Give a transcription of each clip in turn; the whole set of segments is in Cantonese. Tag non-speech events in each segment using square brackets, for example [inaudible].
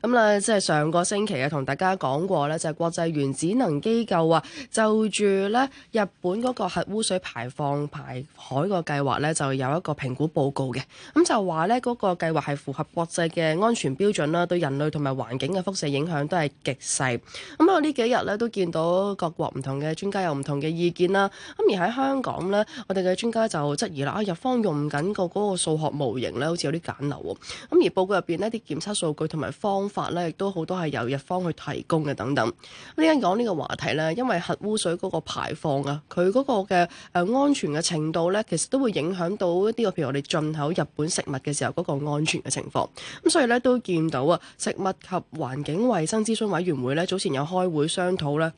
咁咧，即係上個星期啊，同大家講過咧，就係國際原子能機構啊，就住咧日本嗰個核污水排放排海個計劃咧，就有一個評估報告嘅。咁就話咧，嗰個計劃係符合國際嘅安全標準啦，對人類同埋環境嘅輻射影響都係極細。咁啊，呢幾日咧都見到各國唔同嘅專家有唔同嘅意見啦。咁而喺香港咧，我哋嘅專家就質疑啦，啊，日方用緊個嗰個數學模型咧，好似有啲簡陋啊。咁而報告入邊呢啲檢測數據同埋方。法咧亦都好多係由日方去提供嘅等等。呢間講呢個話題呢，因為核污水嗰個排放啊，佢嗰個嘅誒安全嘅程度呢，其實都會影響到一啲嘅，譬如我哋進口日本食物嘅時候嗰個安全嘅情況。咁所以呢，都見到啊，食物及環境衛生諮詢委員會呢，早前有開會商討呢。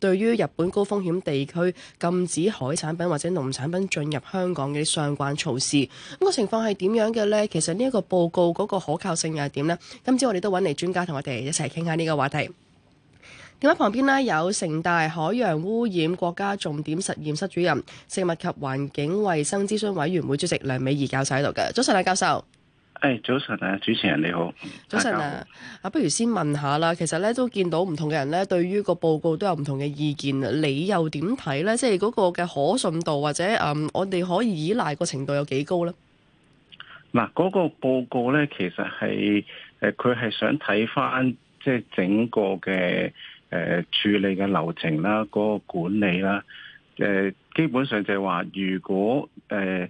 對於日本高風險地區禁止海產品或者農產品進入香港嘅相關措施，咁個情況係點樣嘅呢？其實呢一個報告嗰個可靠性又係點呢？今朝我哋都揾嚟專家同我哋一齊傾下呢個話題。電話旁邊呢，有城大海洋污染國家重點實驗室主任、食物及環境衞生諮詢委員會主席梁美儀教授喺度嘅。早晨，賴教授。誒、哎，早晨啊，主持人你好，早晨啊，啊，不如先問下啦，其實咧都見到唔同嘅人咧對於個報告都有唔同嘅意見，你又點睇咧？即係嗰個嘅可信度或者誒、嗯，我哋可以依賴個程度有幾高咧？嗱，嗰個報告咧，其實係誒，佢、呃、係想睇翻即係整個嘅誒、呃、處理嘅流程啦，嗰、嗰個管理啦，誒、呃，基本上就係話如果誒。呃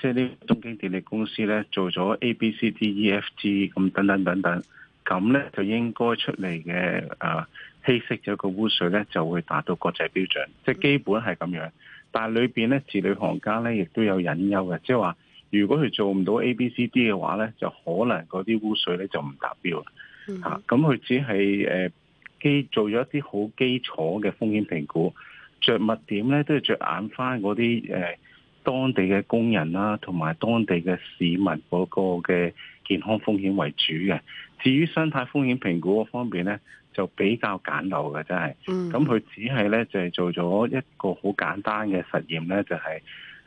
即係呢，東京電力公司咧做咗 A、B、C、D、E、F、G 咁，等等等等，咁咧就應該出嚟嘅誒，稀釋咗個污水咧就會達到國際標準，即係基本係咁樣。但係裏邊咧，字裏行間咧，亦都有隱憂嘅，即係話如果佢做唔到 A、B、C、D 嘅話咧，就可能嗰啲污水咧就唔達標啦。吓、啊，咁佢、mm hmm. 只係誒、啊、基做咗一啲好基礎嘅風險評估，着物點咧都係着眼翻嗰啲誒。啊當地嘅工人啦，同埋當地嘅市民嗰個嘅健康風險為主嘅。至於生態風險評估嗰方面呢，就比較簡陋嘅，真係。咁佢、嗯、只係呢，就係、是、做咗一個好簡單嘅實驗呢，就係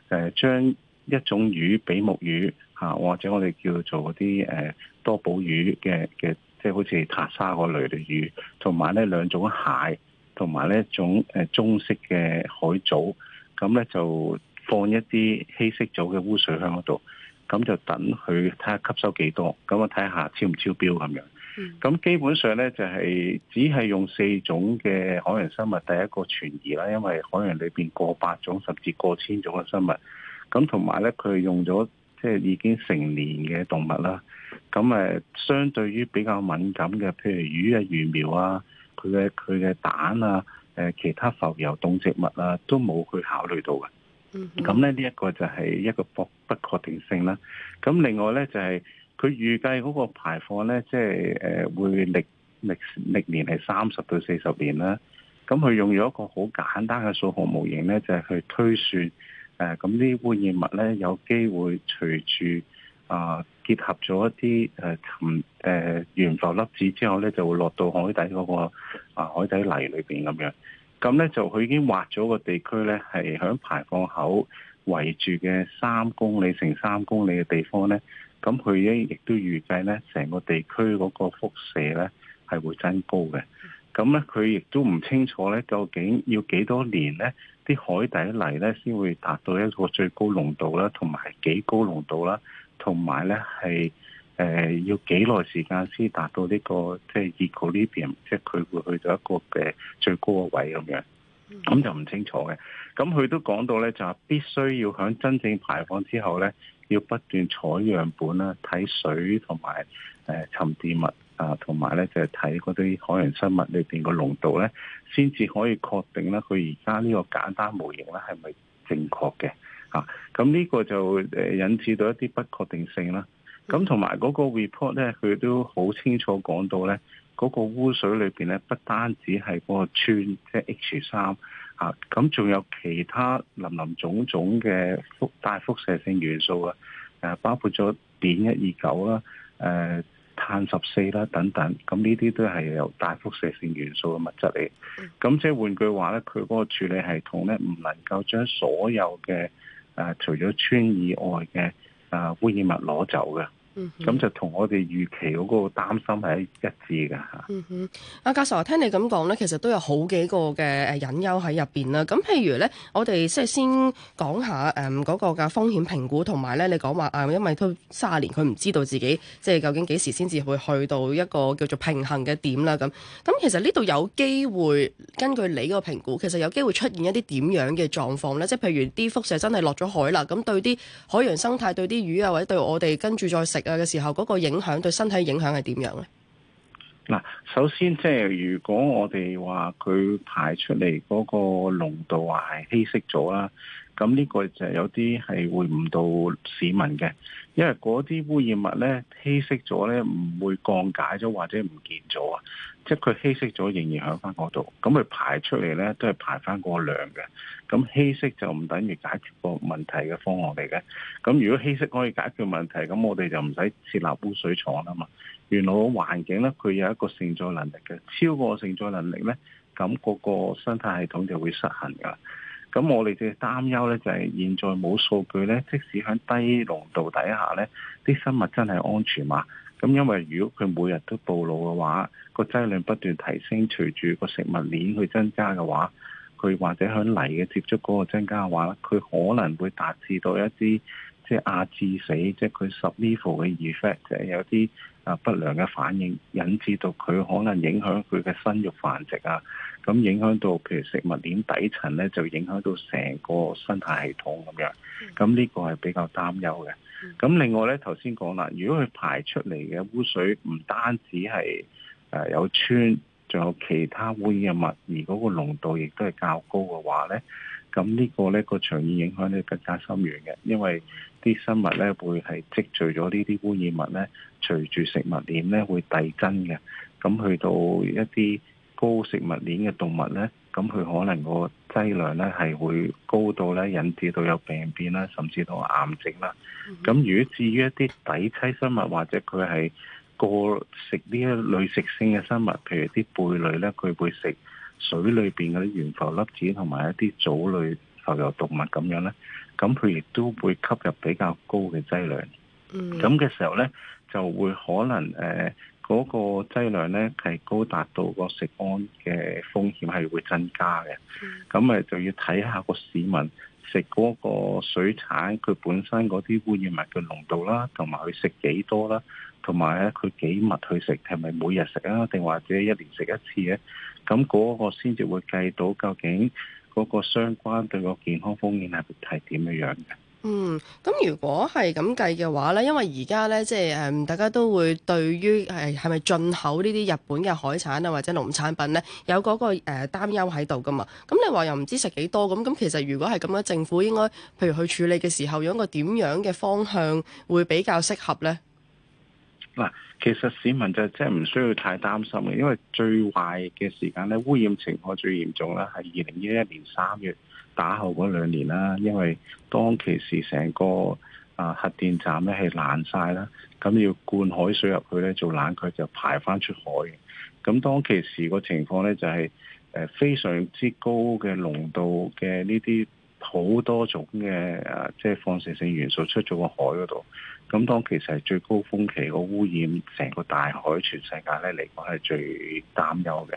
誒將一種魚比目魚嚇，或者我哋叫做嗰啲誒多寶魚嘅嘅，即、就、係、是、好似塔沙嗰類嘅魚，同埋呢兩種蟹，同埋呢一種誒棕色嘅海藻，咁呢就。放一啲稀釋咗嘅污水喺嗰度，咁就等佢睇下吸收幾多，咁啊睇下超唔超標咁樣。咁基本上呢，就係、是、只係用四種嘅海洋生物，第一個存疑啦，因為海洋裏邊過百種甚至過千種嘅生物。咁同埋呢，佢用咗即係已經成年嘅動物啦。咁誒，相對於比較敏感嘅，譬如魚啊、魚苗啊，佢嘅佢嘅蛋啊、誒其他浮游動植物啊，都冇去考慮到嘅。咁咧呢一個就係一個不不確定性啦。咁另外咧就係佢預計嗰個排放咧，即係誒會歷歷歷年係三十到四十年啦。咁佢用咗一個好簡單嘅數學模型咧，就係、是、去推算誒，咁啲污染物咧有機會隨住啊結合咗一啲誒沉誒懸浮粒子之後咧，就會落到海底嗰、那個啊海底泥裏面咁樣。咁咧就佢已經劃咗個地區咧，係喺排放口圍住嘅三公里乘三公里嘅地方咧。咁佢亦都預計咧，成個地區嗰個輻射咧係會增高嘅。咁咧佢亦都唔清楚咧，究竟要幾多年咧，啲海底泥咧先會達到一個最高濃度啦，同埋幾高濃度啦，同埋咧係。誒、呃，要幾耐時間先達到呢個即係 equilibrium 呢邊，即係佢會去到一個嘅最高嘅位咁樣，咁就唔清楚嘅。咁佢都講到咧，就係、是、必須要響真正排放之後咧，要不斷採樣本啦，睇水同埋誒沉澱物啊，同埋咧就係睇嗰啲海洋生物裏邊個濃度咧，先至可以確定咧，佢而家呢個簡單模型咧係咪正確嘅啊？咁呢個就誒引致到一啲不確定性啦。咁同埋嗰個 report 咧，佢都好清楚講到咧，嗰、那個污水裏邊咧，不單止係嗰個氚，即、就、係、是、H 三、啊，嚇，咁仲有其他林林種種嘅大輻射性元素啊，誒，包括咗碘一二九啦，誒、啊，碳十四啦、啊、等等，咁呢啲都係由大輻射性元素嘅物質嚟。咁即係換句話咧，佢嗰個處理系統咧，唔能夠將所有嘅誒、啊、除咗氚以外嘅啊污染物攞走嘅。嗯，咁就同我哋預期嗰個擔心係一致嘅吓。阿、嗯、教授，聽你咁講呢，其實都有好幾個嘅誒隱憂喺入邊啦。咁譬如呢，我哋即係先講下誒嗰、嗯嗰個嘅風險評估，同埋呢你講話啊，因為佢三十年，佢唔知道自己即係究竟幾時先至會去到一個叫做平衡嘅點啦。咁咁其實呢度有機會根據你嗰個評估，其實有機會出現一啲點樣嘅狀況呢？即係譬如啲輻射真係落咗海啦，咁對啲海洋生態、對啲魚啊，或者對我哋跟住再嘅時候，嗰個影響對身體影響係點樣咧？嗱，首先即係如果我哋話佢排出嚟嗰個濃度話係稀釋咗啦。咁呢個就有啲係會誤導市民嘅，因為嗰啲污染物呢，稀釋咗呢，唔會降解咗或者唔見咗啊！即係佢稀釋咗，仍然喺翻嗰度，咁佢排出嚟呢，都係排翻嗰個量嘅。咁稀釋就唔等於解決個問題嘅方案嚟嘅。咁如果稀釋可以解決問題，咁我哋就唔使設立污水廠啦嘛。原來環境呢，佢有一個承載能力嘅，超過承載能力呢，咁、那個個生態系統就會失衡噶啦。咁我哋嘅擔憂呢，就係現在冇數據呢。即使喺低濃度底下呢，啲生物真係安全嘛？咁因為如果佢每日都暴露嘅話，個劑量不斷提升，隨住個食物鏈去增加嘅話，佢或者喺泥嘅接觸嗰個增加嘅話，佢可能會達至到一啲。即係亞致死，即係佢 sublevel 嘅 effect，就係有啲啊不良嘅反應，引致到佢可能影響佢嘅生育繁殖啊，咁影響到譬如食物鏈底層咧，就影響到成個生態系統咁樣。咁呢個係比較擔憂嘅。咁另外咧，頭先講啦，如果佢排出嚟嘅污水唔單止係誒有氚，仲有其他污染物，而嗰個濃度亦都係較高嘅話咧。咁呢個呢、呢個長遠影響呢，更加深遠嘅，因為啲生物呢會係積聚咗呢啲污染物呢，隨住食物鏈呢會遞增嘅。咁去到一啲高食物鏈嘅動物呢，咁佢可能個劑量呢係會高到呢引致到有病變啦，甚至到癌症啦。咁、mm hmm. 如果至於一啲底棲生物或者佢係過食呢一類食性嘅生物，譬如啲貝類呢，佢會食。水裏邊嗰啲懸浮粒子同埋一啲藻類浮游動物咁樣呢，咁佢亦都會吸入比較高嘅劑量。咁嘅、嗯、時候呢，就會可能誒嗰、呃那個劑量呢係高達到個食安嘅風險係會增加嘅。咁咪、嗯、就要睇下個市民食嗰個水產，佢本身嗰啲污染物嘅濃度啦，同埋佢食幾多啦，同埋咧佢幾密去食，係咪每日食啊，定或者一年食一次呢？咁嗰個先至會計到究竟嗰個相關對個健康風險係係點樣樣嘅？嗯，咁如果係咁計嘅話咧，因為而家咧即係誒，大家都會對於係係咪進口呢啲日本嘅海產啊或者農產品咧有嗰個誒呃擔憂喺度噶嘛？咁你話又唔知食幾多咁，咁其實如果係咁樣，政府應該譬如去處理嘅時候，用一個點樣嘅方向會比較適合咧？嗱，其實市民就真係唔需要太擔心嘅，因為最壞嘅時間咧，污染情況最嚴重咧，係二零一一年三月打後嗰兩年啦。因為當其時成個啊核電站咧係爛晒啦，咁要灌海水入去咧做冷卻就排翻出海嘅。咁當其時個情況咧就係誒非常之高嘅濃度嘅呢啲好多種嘅啊，即係放射性元素出咗個海嗰度。咁當其實係最高峰期個污染，成個大海全世界咧嚟講係最擔憂嘅。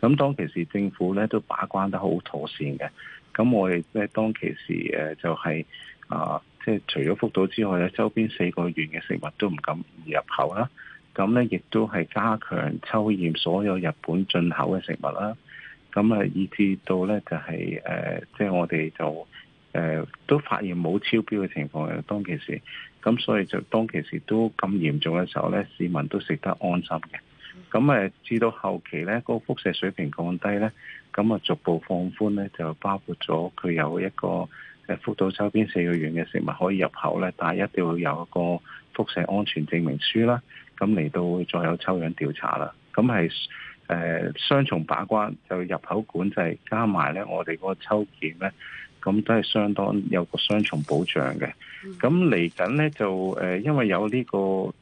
咁當其時政府咧都把關得好妥善嘅。咁我哋即係當其時誒、就是，就係啊，即係除咗福島之外，咧周邊四個縣嘅食物都唔敢入口啦。咁咧亦都係加強抽驗所有日本進口嘅食物啦。咁啊，以至到咧就係、是、誒、呃，即係我哋就誒、呃、都發現冇超標嘅情況。當其時。咁所以就當其時都咁嚴重嘅時候呢，市民都食得安心嘅。咁誒，至到後期呢，個輻射水平降低呢，咁啊逐步放寬呢，就包括咗佢有一個誒福島周邊四個縣嘅食物可以入口呢。但係一定要有一個輻射安全證明書啦。咁嚟到會再有抽樣調查啦。咁係誒雙重把關，就入口管制加埋呢我哋嗰個抽檢呢。咁都係相當有個雙重保障嘅。咁嚟緊呢，就誒、呃，因為有呢、這個誒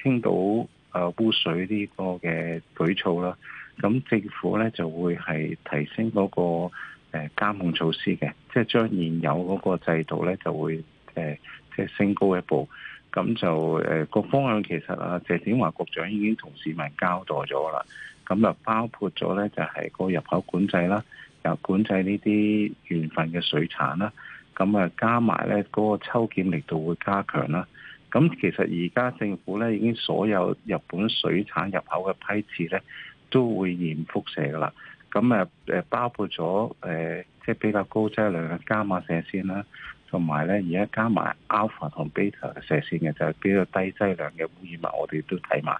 傾、呃、倒啊污水呢個嘅舉措啦，咁政府呢就會係提升嗰、那個誒、呃、監控措施嘅，即係將現有嗰個制度呢就會誒、呃、即係升高一步。咁就誒個、呃、方向其實啊，謝展華局長已經同市民交代咗啦。咁就包括咗呢，就係、是、個入口管制啦。由管制呢啲原份嘅水產啦，咁啊加埋咧，嗰個抽檢力度會加強啦。咁其實而家政府咧，已經所有日本水產入口嘅批次咧都會驗輻射噶啦。咁啊誒包括咗誒即係比較高劑量嘅伽馬射線啦，同埋咧而家加埋 alpha 同 beta 嘅射線嘅，就係、是、比較低劑量嘅污染物，我哋都睇埋。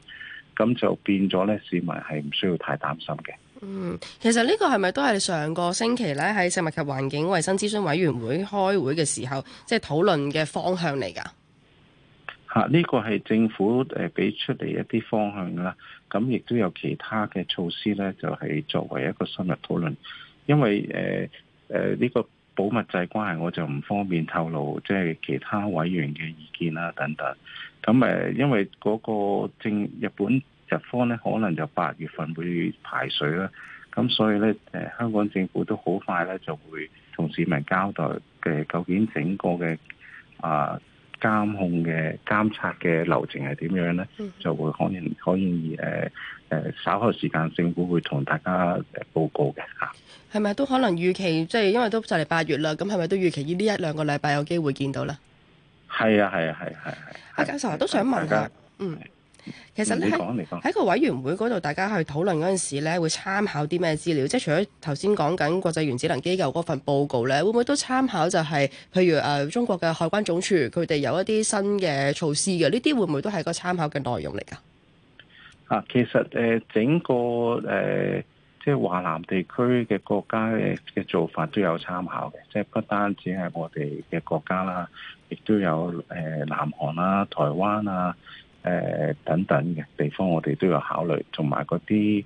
咁就變咗咧，市民係唔需要太擔心嘅。嗯，其實呢個係咪都係上個星期咧喺食物及環境衛生諮詢委員會開會嘅時候，即係討論嘅方向嚟噶？吓，呢個係政府誒俾出嚟一啲方向啦，咁亦都有其他嘅措施咧，就係、是、作為一個深入討論。因為誒誒呢個保密制關係，我就唔方便透露，即係其他委員嘅意見啦等等。咁誒，因為嗰個政日本。日方咧可能就八月份會排水啦，咁所以咧誒香港政府都好快咧就會同市民交代嘅，究竟整個嘅啊監控嘅監察嘅流程係點樣咧，就會可能可以誒誒稍後時間政府會同大家報告嘅嚇。係咪都可能預期即係因為都就嚟八月啦，咁係咪都預期呢一兩個禮拜有機會見到咧？係啊係啊係係係。阿教授都想問下，嗯、啊。其實咧喺喺個委員會嗰度，大家去討論嗰陣時咧，會參考啲咩資料？即係除咗頭先講緊國際原子能機構嗰份報告咧，會唔會都參考、就係？就係譬如誒中國嘅海關總署，佢哋有一啲新嘅措施嘅，呢啲會唔會都係個參考嘅內容嚟㗎？啊，其實誒整個誒即係華南地區嘅國家嘅嘅做法都有參考嘅，即、就、係、係、不單止係我哋嘅國家啦，亦都有誒南韓啦、台灣啊。誒、呃、等等嘅地方，我哋都有考慮，同埋嗰啲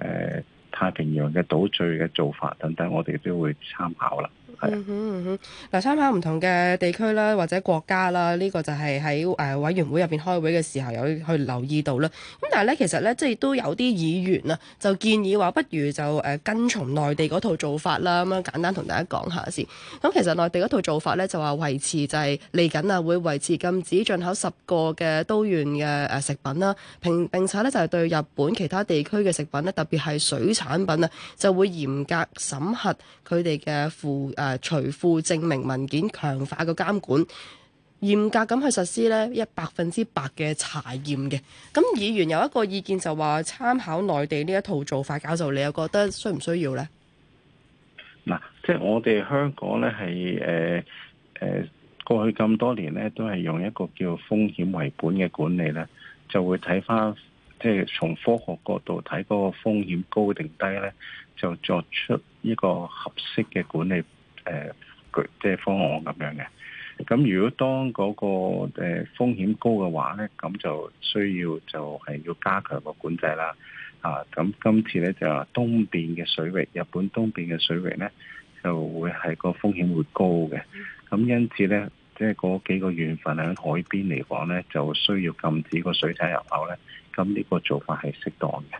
誒太平洋嘅島嶼嘅做法等等，我哋都會參考啦。嗯哼，嗱，參考唔同嘅地區啦，或者國家啦，呢個就係喺誒委員會入邊開會嘅時候有去留意到啦。咁但係咧，其實咧，即係都有啲議員啊，就建議話不如就誒跟從內地嗰套做法啦。咁樣簡單同大家講下先。咁其實內地嗰套做法咧，就話維持就係嚟緊啊，會維持禁止進口十個嘅都縣嘅誒食品啦。並並且咧，就係對日本其他地區嘅食品咧，特別係水產品啊，就會嚴格審核佢哋嘅附誒。誒，隨附證明文件，強化個監管，嚴格咁去實施呢，一百分之百嘅查驗嘅。咁議員有一個意見就話，參考內地呢一套做法，教授你又覺得需唔需要呢？嗱，即係我哋香港呢係誒誒，過去咁多年呢，都係用一個叫風險為本嘅管理呢，就會睇返即係從科學角度睇嗰個風險高定低呢，就作出一個合適嘅管理。誒、呃，即係方案咁樣嘅。咁如果當嗰個誒風險高嘅話呢，咁就需要就係要加強個管制啦。啊，咁今次呢，就話、東邊嘅水域，日本東邊嘅水域呢，就會係個風險會高嘅。咁因此呢，即係嗰幾個月份喺海邊嚟講呢，就需要禁止個水產入口呢。咁呢個做法係適當嘅。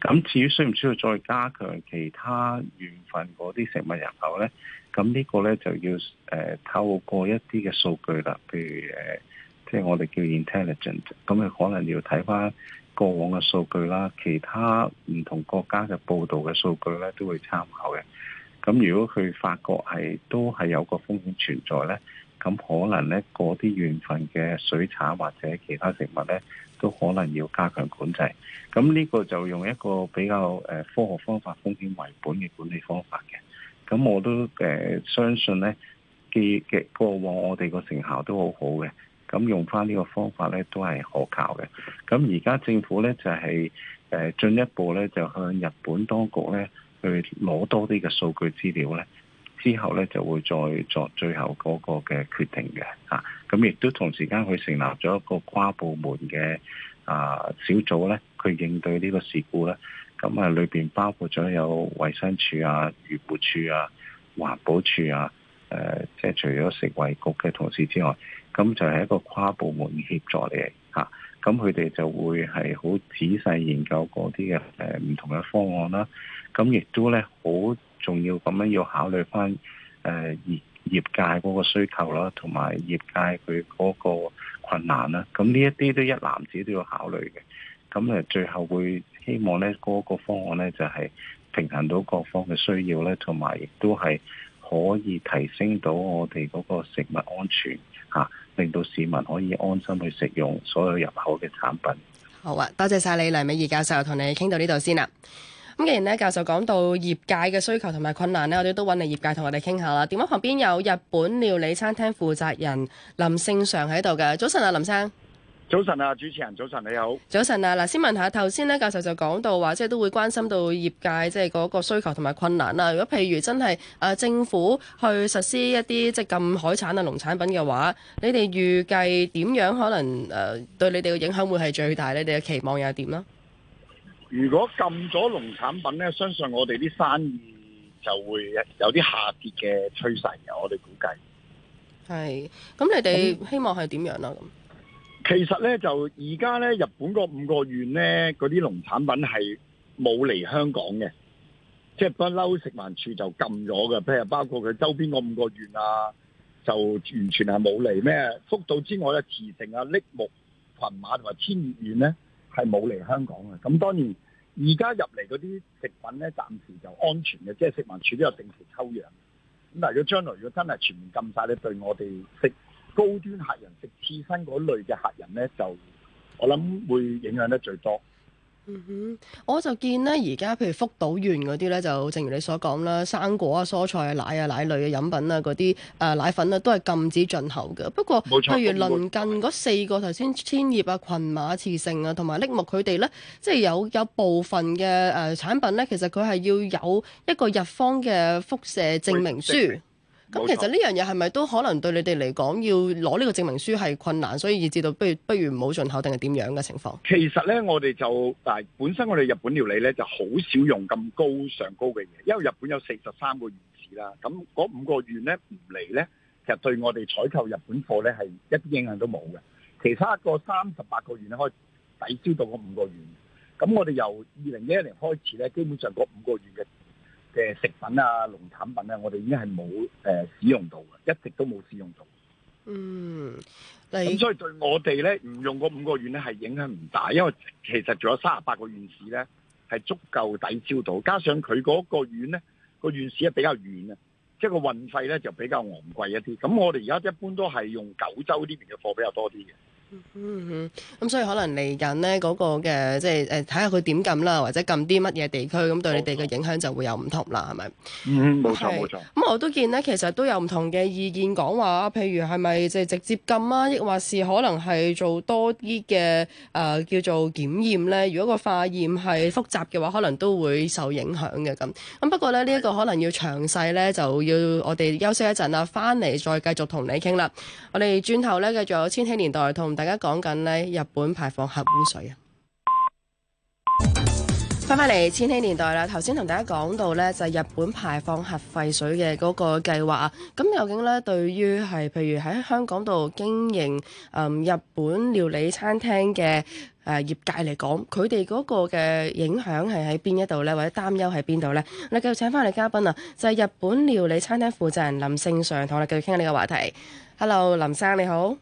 咁至於需唔需要再加強其他月份嗰啲食物入口呢？咁呢個呢，就要誒、呃、透過一啲嘅數據啦，譬如誒，即、呃、係、就是、我哋叫 intelligent 咁誒可能要睇翻過往嘅數據啦，其他唔同國家嘅報道嘅數據呢，都會參考嘅。咁如果佢發覺係都係有個風險存在呢，咁可能呢，嗰啲緣份嘅水產或者其他食物呢，都可能要加強管制。咁呢個就用一個比較誒科學方法、風險為本嘅管理方法嘅。咁我都誒、呃、相信咧嘅嘅過往我哋個成效都好好嘅，咁用翻呢個方法咧都係可靠嘅。咁而家政府咧就係、是、誒、呃、進一步咧就向日本當局咧去攞多啲嘅數據資料咧，之後咧就會再作最後嗰個嘅決定嘅啊。咁亦都同時間佢成立咗一個跨部門嘅啊、呃、小組咧，去應對呢個事故咧。咁啊，裏邊包括咗有衛生署啊、漁護署啊、環保署啊，誒、呃，即係除咗食衛局嘅同事之外，咁就係一個跨部門協助嚟吓。咁佢哋就會係好仔細研究嗰啲嘅誒唔同嘅方案啦。咁、啊、亦都咧好重要咁樣要考慮翻誒業業界嗰個需求啦，同埋業界佢嗰個困難啦。咁呢一啲都一籃子都要考慮嘅。咁、啊、誒，最後會。希望呢嗰、那個方案呢，就係、是、平衡到各方嘅需要呢，同埋亦都係可以提升到我哋嗰個食物安全嚇、啊，令到市民可以安心去食用所有入口嘅產品。好啊，多謝晒你梁美儀教授，同你傾到呢度先啦。咁既然呢，教授講到業界嘅需求同埋困難呢，我哋都揾你業界同我哋傾下啦。電話旁邊有日本料理餐廳負責人林勝常喺度嘅，早晨啊，林生。早晨啊，主持人，早晨你好。早晨啊，嗱，先問下，頭先咧，教授就講到話，即係都會關心到業界即係嗰個需求同埋困難啦。如果譬如真係誒政府去實施一啲即係禁海產啊、農產品嘅話，你哋預計點樣可能誒對你哋嘅影響會係最大咧？你哋嘅期望又係點咧？如果禁咗農產品咧，相信我哋啲生意就會有啲下跌嘅趨勢嘅，我哋估計。係，咁你哋希望係點樣啦？咁。其實咧，就而家咧，日本嗰五個縣咧，嗰啲農產品係冇嚟香港嘅，即係不嬲食環署就禁咗嘅。譬如包括佢周邊嗰五個縣啊，就完全係冇嚟咩。福島之外咧，茨城啊、栃木、群馬同埋千葉縣咧，係冇嚟香港嘅。咁當然而家入嚟嗰啲食品咧，暫時就安全嘅，即係食環署都有定期抽樣。咁但係如果將來如果真係全面禁晒咧，對我哋食高端客人食刺身嗰類嘅客人呢，就我諗會影響得最多。嗯哼，我就見呢，而家譬如福島縣嗰啲呢，就正如你所講啦，生果啊、蔬菜啊、奶啊、奶類嘅飲品啊、嗰啲誒奶粉啊，都係禁止進口嘅。不過，冇錯譬如鄰近嗰四個頭先千葉啊、群馬、茨城啊，同埋栃木佢哋呢，即係有有部分嘅誒產品呢，其實佢係要有一個日方嘅輻射證明書。咁其實呢樣嘢係咪都可能對你哋嚟講要攞呢個證明書係困難，所以以至到不如不如唔好進口定係點樣嘅情況？其實咧，我哋就但本身我哋日本料理咧就好少用咁高上高嘅嘢，因為日本有四十三個縣市啦。咁嗰五個縣咧唔嚟咧，其實對我哋採購日本貨咧係一啲影響都冇嘅。其他個三十八個縣咧可以抵消到嗰五個縣。咁我哋由二零一一年開始咧，基本上嗰五個縣嘅。嘅食品啊，農產品啊，我哋已經係冇誒使用到嘅，一直都冇使用到。嗯，咁所以對我哋咧唔用嗰五個縣咧係影響唔大，因為其實仲有三十八個縣市咧係足夠抵消到，加上佢嗰個縣咧個縣市係比較遠啊，即係個運費咧就比較昂貴一啲。咁我哋而家一般都係用九州呢邊嘅貨比較多啲嘅。 [music] 嗯哼，咁、嗯、所以可能嚟緊呢嗰、那個嘅，即係誒睇下佢點撳啦，或者撳啲乜嘢地區，咁錯對你哋嘅影響就會有唔同啦，係咪？嗯，冇錯冇錯。咁我都見呢，其實都有唔同嘅意見講話，譬如係咪即係直接撳啊，亦或是可能係做多啲嘅誒叫做檢驗呢？如果個化驗係複雜嘅話，可能都會受影響嘅。咁咁不過呢，呢、這、一個可能要詳細呢，就要我哋休息一陣啦，翻嚟再繼、繼續同你傾啦。我哋轉頭呢繼續有千禧年代同。大家講緊咧，日本排放核污水啊！翻返嚟千禧年代啦，頭先同大家講到咧，就係、是、日本排放核廢水嘅嗰個計劃。咁究竟咧，對於係譬如喺香港度經營誒、嗯、日本料理餐廳嘅誒業界嚟講，佢哋嗰個嘅影響係喺邊一度咧，或者擔憂喺邊度咧？我哋繼續請翻嚟嘉賓啊，就係、是、日本料理餐廳負責人林勝常，同我哋繼續傾下呢個話題。Hello，林生你好。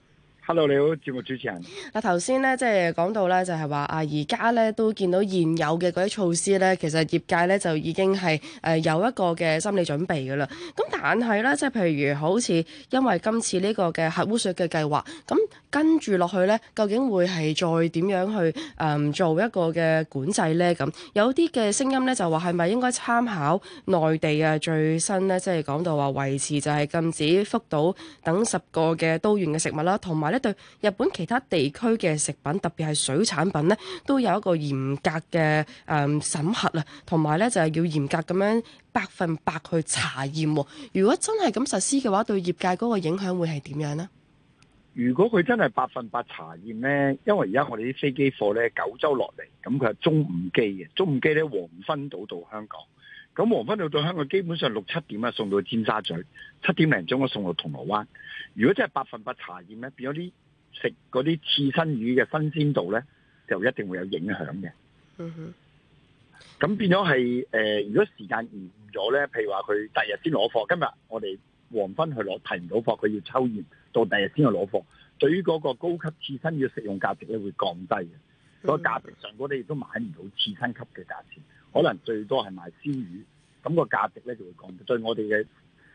Hello，你好，節目主持人。嗱，頭先咧，即係講到咧，就係話啊，而家咧都見到現有嘅嗰啲措施咧，其實業界咧就已經係誒、呃、有一個嘅心理準備噶啦。咁但係咧，即係譬如好似因為今次呢個嘅核污水嘅計劃，咁、嗯、跟住落去咧，究竟會係再點樣去誒、呃、做一個嘅管制咧？咁、嗯、有啲嘅聲音咧就話係咪應該參考內地呀最新咧？即係講到話維持就係禁止福島等十個嘅都縣嘅食物啦，同埋喺對日本其他地區嘅食品，特別係水產品呢，都有一個嚴格嘅誒審核啊，同埋呢，就係要嚴格咁樣百分百去查驗。如果真係咁實施嘅話，對業界嗰個影響會係點樣呢？如果佢真係百分百查驗呢，因為而家我哋啲飛機貨呢，九州落嚟，咁佢係中午機嘅，中午機呢，黃昏到到香港。咁黃昏到到香港，基本上六七點啊送到尖沙咀，七點零鐘我送到銅鑼灣。如果真係百分百查驗咧，變咗啲食嗰啲刺身魚嘅新鮮度咧，就一定會有影響嘅。咁、mm hmm. 變咗係誒，如果時間延誤咗咧，譬如話佢第日先攞貨，今日我哋黃昏去攞提唔到貨，佢要抽驗，到第日先去攞貨。對於嗰個高級刺身魚嘅食用價值咧，會降低嘅，所以價值上嗰啲亦都買唔到刺身級嘅價錢。可能最多係賣鮮魚，咁個價值咧就會降低，對我哋嘅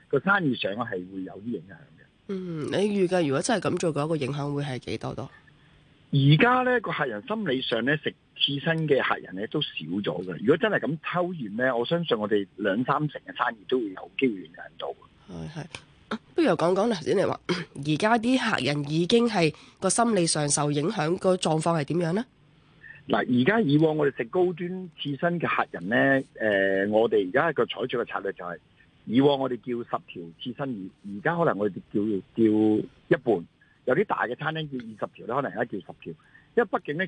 個生意上咧係會有啲影響嘅。嗯，你預計如果真係咁做嘅話，個影響會係幾多多？而家咧個客人心理上咧食刺身嘅客人咧都少咗嘅。如果真係咁偷完咧，我相信我哋兩三成嘅生意都會有機會影響到。係係、啊，不如又講講頭先你話，而家啲客人已經係個心理上受影響，個狀況係點樣咧？嗱，而家以往我哋食高端刺身嘅客人呢，誒、呃，我哋而家一個採取嘅策略就係、是、以往我哋叫十條刺身魚，而家可能我哋叫叫一半。有啲大嘅餐廳叫二十條，咧，可能而家叫十條，因為畢竟呢，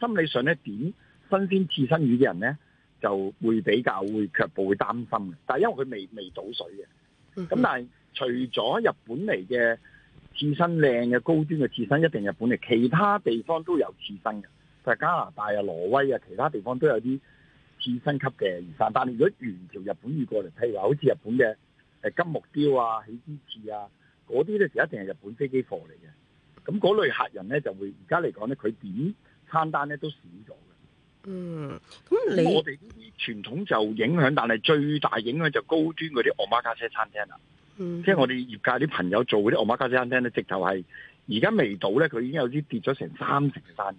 心理上呢，點新鮮刺身魚嘅人呢就會比較會卻步，會擔心嘅。但係因為佢未未倒水嘅，咁但係除咗日本嚟嘅刺身靚嘅高端嘅刺身一定日本嚟，其他地方都有刺身嘅。加拿大啊、挪威啊、其他地方都有啲刺身級嘅魚生，但係如果沿條日本魚過嚟，譬如話好似日本嘅誒金目鯛啊、喜知次啊，嗰啲咧就一定係日本飛機貨嚟嘅。咁嗰類客人咧就會而家嚟講咧，佢點餐單咧都少咗嘅。嗯，咁我哋啲傳統就影響，但係最大影響就高端嗰啲奧馬卡車餐廳啦。即係、嗯、哼我哋業界啲朋友做嗰啲奧馬卡車餐廳咧，直頭係而家未到咧，佢已經有啲跌咗成三成嘅生意。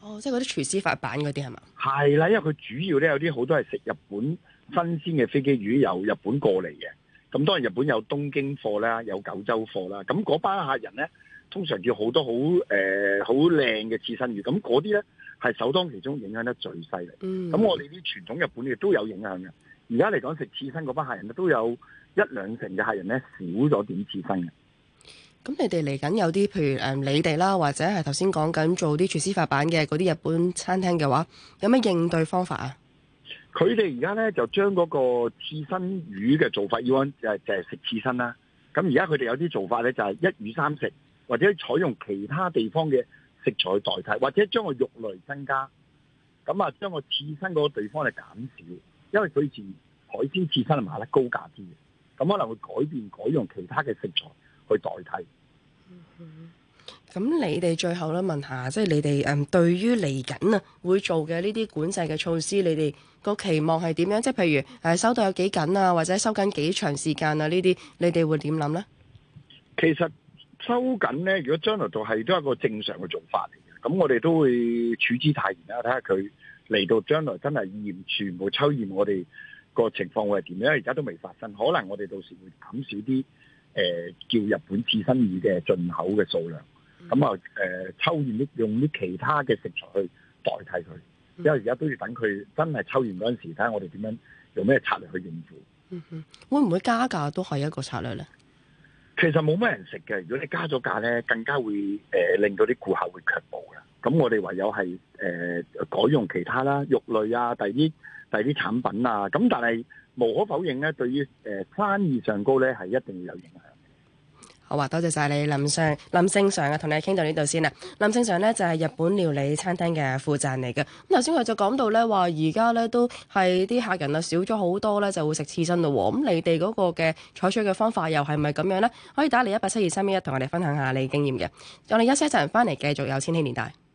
哦，即係嗰啲廚師發辦嗰啲係嘛？係啦，因為佢主要咧有啲好多係食日本新鮮嘅飛機魚，由日本過嚟嘅。咁當然日本有東京貨啦，有九州貨啦。咁嗰班客人咧，通常叫好多好誒好靚嘅刺身魚。咁嗰啲咧係首當其衝影響得最犀利。咁、嗯、我哋啲傳統日本嘅都有影響嘅。而家嚟講食刺身嗰班客人咧，都有一兩成嘅客人咧少咗點刺身嘅。咁你哋嚟緊有啲，譬如誒你哋啦，或者係頭先講緊做啲廚師發辦嘅嗰啲日本餐廳嘅話，有咩應對方法啊？佢哋而家咧就將嗰個刺身魚嘅做法要按誒就係、是、食、就是、刺身啦。咁而家佢哋有啲做法咧就係、是、一魚三食，或者採用其他地方嘅食材代替，或者將個肉類增加，咁啊將個刺身嗰個地方嚟減少。因為佢以前海鮮刺身係賣得高價啲嘅，咁可能會改變改用其他嘅食材去代替。咁、嗯嗯、你哋最後咧問一下，即、就、係、是、你哋嗯對於嚟緊啊會做嘅呢啲管制嘅措施，你哋個期望係點樣？即、就、係、是、譬如誒收到有幾緊啊，或者收緊幾長時間啊？呢啲你哋會點諗呢？其實收緊呢，如果將來就係都係一個正常嘅做法嚟嘅。咁我哋都會處之泰然啦。睇下佢嚟到將來真係驗全部抽驗我哋個情況會係點樣。而家都未發生，可能我哋到時會減少啲。誒叫日本刺身魚嘅進口嘅數量，咁啊誒抽完啲用啲其他嘅食材去代替佢，因為而家都要等佢真係抽完嗰陣時，睇下我哋點樣用咩策略去應付。嗯會唔會加價都係一個策略咧？其實冇咩人食嘅，如果你加咗價咧，更加會誒令到啲顧客會卻步嘅。咁我哋唯有係誒、呃、改用其他啦，肉類啊，第啲第啲產品啊。咁、啊、但係無可否認咧，對於誒生意上高咧，係一定要有影響。好多謝晒你林上林勝常啊，同你傾到呢度先啦。林勝常呢就係、是、日本料理餐廳嘅負責人嚟嘅。咁頭先佢就講到呢話，而家呢都係啲客人啊少咗好多呢，就會食刺身咯。咁你哋嗰個嘅採取嘅方法又係咪咁樣呢？可以打嚟一八七二三一一同我哋分享下你經驗嘅。我哋休息一陣翻嚟繼續有千禧年代。